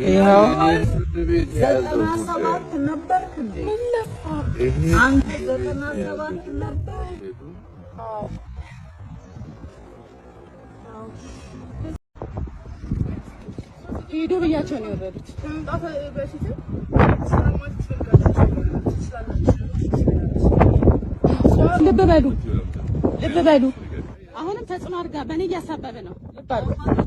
ሄዶ ብያቸው ነው የወረዱት። ልብ በሉ ልብ በሉ። አሁንም ተጽዕኖ አድርጋ በእኔ እያሳበበ ነው። ልብ አድርጉ።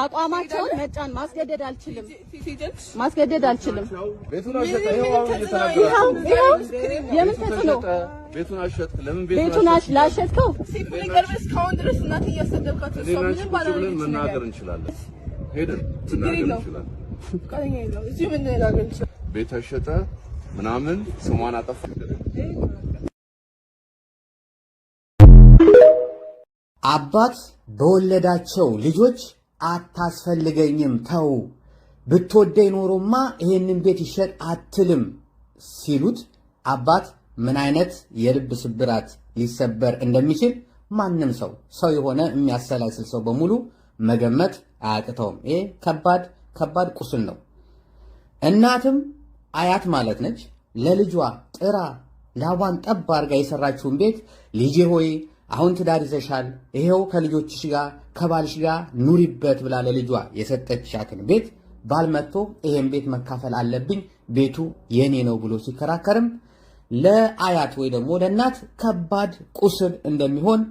አቋማቸውን መጫን ማስገደድ አልችልም፣ ማስገደድ አልችልም። የምን ተጽዕኖ ቤቱን አሸጥክ? ለምን ቤቱን ላሸጥከው? እስካሁን ድረስ እናት እያሰደብካት መናገር እንችላለን። ሄደን ቤት አሸጠ ምናምን ስሟን አጠፋ አባት በወለዳቸው ልጆች አታስፈልገኝም፣ ተው ብትወደኝ ኖሮማ ይሄንን ቤት ይሸጥ አትልም ሲሉት አባት ምን አይነት የልብ ስብራት ሊሰበር እንደሚችል ማንም ሰው ሰው የሆነ የሚያሰላስል ሰው በሙሉ መገመት አያቅተውም። ይሄ ከባድ ከባድ ቁስል ነው። እናትም አያት ማለት ነች። ለልጇ ጥራ ላቧን ጠብ አድርጋ የሰራችውን ቤት ልጄ ሆይ አሁን ትዳር ይዘሻል፣ ይሄው ከልጆችሽ ጋር ከባልሽ ጋር ኑሪበት ብላ ለልጇ የሰጠችሻትን ቤት ባል መጥቶ ይሄን ቤት መካፈል አለብኝ ቤቱ የኔ ነው ብሎ ሲከራከርም ለአያት ወይ ደግሞ ለእናት ከባድ ቁስል እንደሚሆን